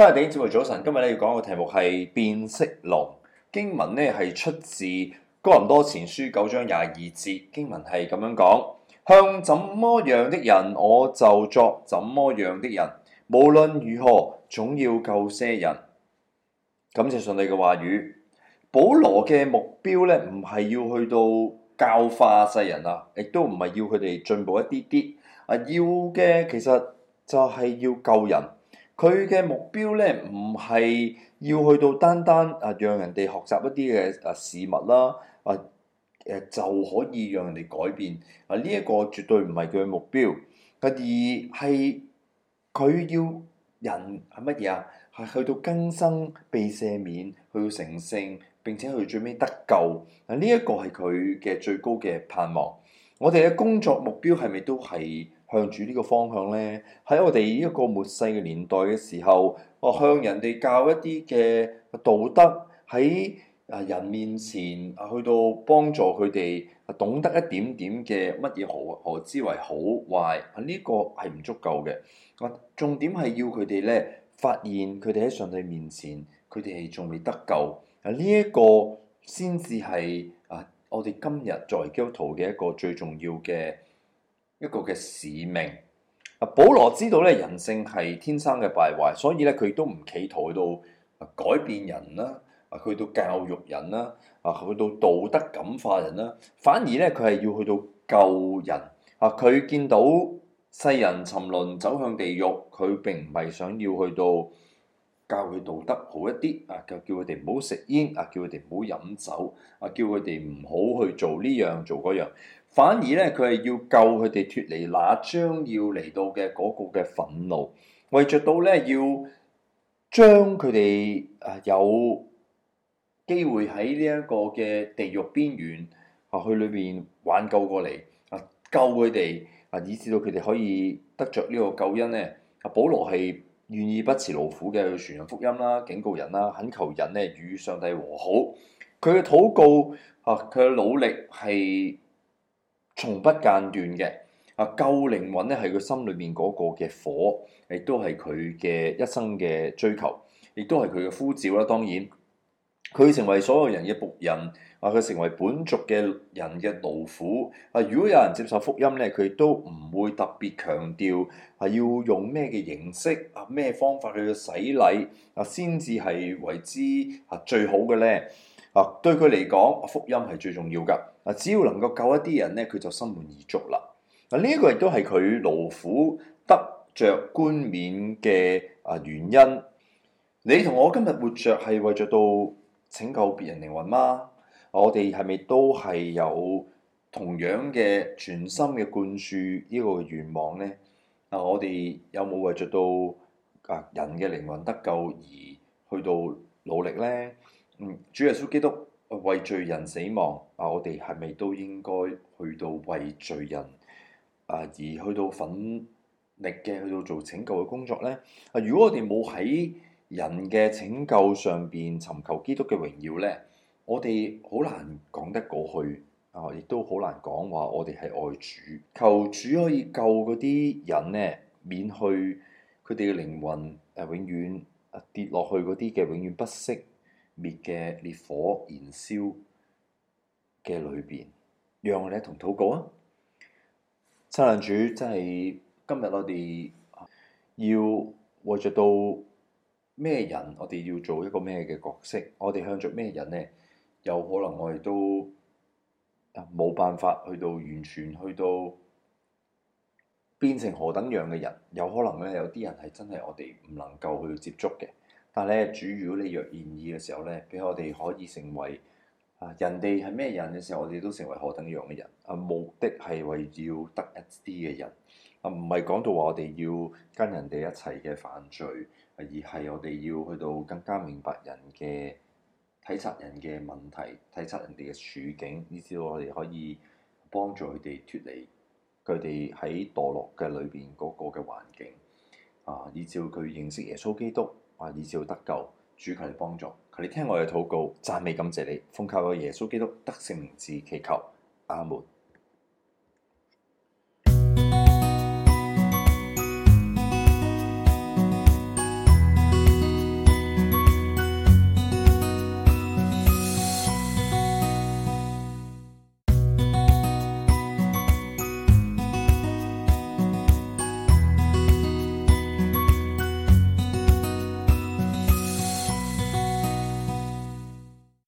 歡迎點知各位早晨，今日咧要講嘅題目係變色龍。經文咧係出自哥林多前書九章廿二節，經文係咁樣講：向怎麼樣的人，我就作怎麼樣的人；無論如何，總要救些人。感謝上帝嘅話語，保羅嘅目標咧唔係要去到教化世人啊，亦都唔係要佢哋進步一啲啲啊，要嘅其實就係要救人。佢嘅目標咧，唔係要去到單單啊，讓人哋學習一啲嘅啊事物啦，或誒就可以讓人哋改變啊，呢、這、一個絕對唔係佢嘅目標。佢而係佢要人係乜嘢啊？係去到更生、被赦免，去到成聖，並且去最尾得救啊！呢、這、一個係佢嘅最高嘅盼望。我哋嘅工作目標係咪都係向住呢個方向咧？喺我哋呢一個末世嘅年代嘅時候，我向人哋教一啲嘅道德喺啊人面前啊，去到幫助佢哋懂得一點點嘅乜嘢何何之為好壞啊。呢個係唔足夠嘅。我重點係要佢哋咧發現佢哋喺上帝面前，佢哋仲未得救啊！呢一個先至係。我哋今日作為基督徒嘅一個最重要嘅一個嘅使命，啊，保羅知道咧人性係天生嘅敗壞，所以咧佢都唔企圖去到改變人啦，啊去到教育人啦，啊去到道德感化人啦，反而咧佢係要去到救人。啊，佢見到世人沉淪走向地獄，佢並唔係想要去到。教佢道德好一啲啊！叫叫佢哋唔好食煙啊！叫佢哋唔好飲酒啊！叫佢哋唔好去做呢樣做嗰樣，反而咧佢係要救佢哋脫離那將要嚟到嘅嗰個嘅憤怒，為着到咧要將佢哋啊有機會喺呢一個嘅地獄邊緣啊去裏邊挽救過嚟，啊救佢哋啊，以至到佢哋可以得着呢個救恩咧，阿、啊、保羅係。願意不辭勞苦嘅去傳揚福音啦，警告人啦，懇求人呢，與上帝和好。佢嘅禱告啊，佢嘅努力係從不間斷嘅。啊，救靈魂咧係佢心裏面嗰個嘅火，亦都係佢嘅一生嘅追求，亦都係佢嘅呼召啦。當然。佢成為所有人嘅僕人，啊！佢成為本族嘅人嘅勞苦。啊！如果有人接受福音咧，佢都唔會特別強調係要用咩嘅形式啊、咩方法去洗禮啊，先至係為之啊最好嘅咧。啊！對佢嚟講，福音係最重要噶。啊！只要能夠救一啲人咧，佢就心滿意足啦。啊！呢一個亦都係佢勞苦得着冠冕嘅啊原因。你同我今日活着係為著到，拯救別人靈魂嗎？我哋係咪都係有同樣嘅全心嘅灌注呢個願望呢？啊，我哋有冇為著到啊人嘅靈魂得救而去到努力呢？主耶穌基督為罪人死亡，啊，我哋係咪都應該去到為罪人啊而去到奮力嘅去到做拯救嘅工作呢？啊，如果我哋冇喺人嘅拯救上邊尋求基督嘅榮耀呢，我哋好難講得過去啊！亦都好難講話我哋係愛主，求主可以救嗰啲人呢，免去佢哋嘅靈魂誒、啊、永遠跌落去嗰啲嘅永遠不熄滅嘅烈火燃燒嘅裏邊。讓我哋一同禱告啊，親愛主，真係今日我哋要活着到。咩人，我哋要做一個咩嘅角色？我哋向著咩人呢？有可能我哋都冇辦法去到完全去到變成何等樣嘅人？有可能咧，有啲人係真係我哋唔能夠去接觸嘅。但係咧，主，要你若願意嘅時候呢，俾我哋可以成為啊人哋係咩人嘅時候，我哋都成為何等樣嘅人啊？目的係為要得一啲嘅人啊，唔係講到話我哋要跟人哋一齊嘅犯罪。而係我哋要去到更加明白人嘅體察人嘅問題，體察人哋嘅處境，以至我哋可以幫助佢哋脫離佢哋喺墮落嘅裏邊嗰個嘅環境啊，以至佢認識耶穌基督啊，以至得救，主，佢哋幫助佢哋，聽我嘅禱告，讚美感謝你，奉靠耶穌基督得勝名字祈求阿門。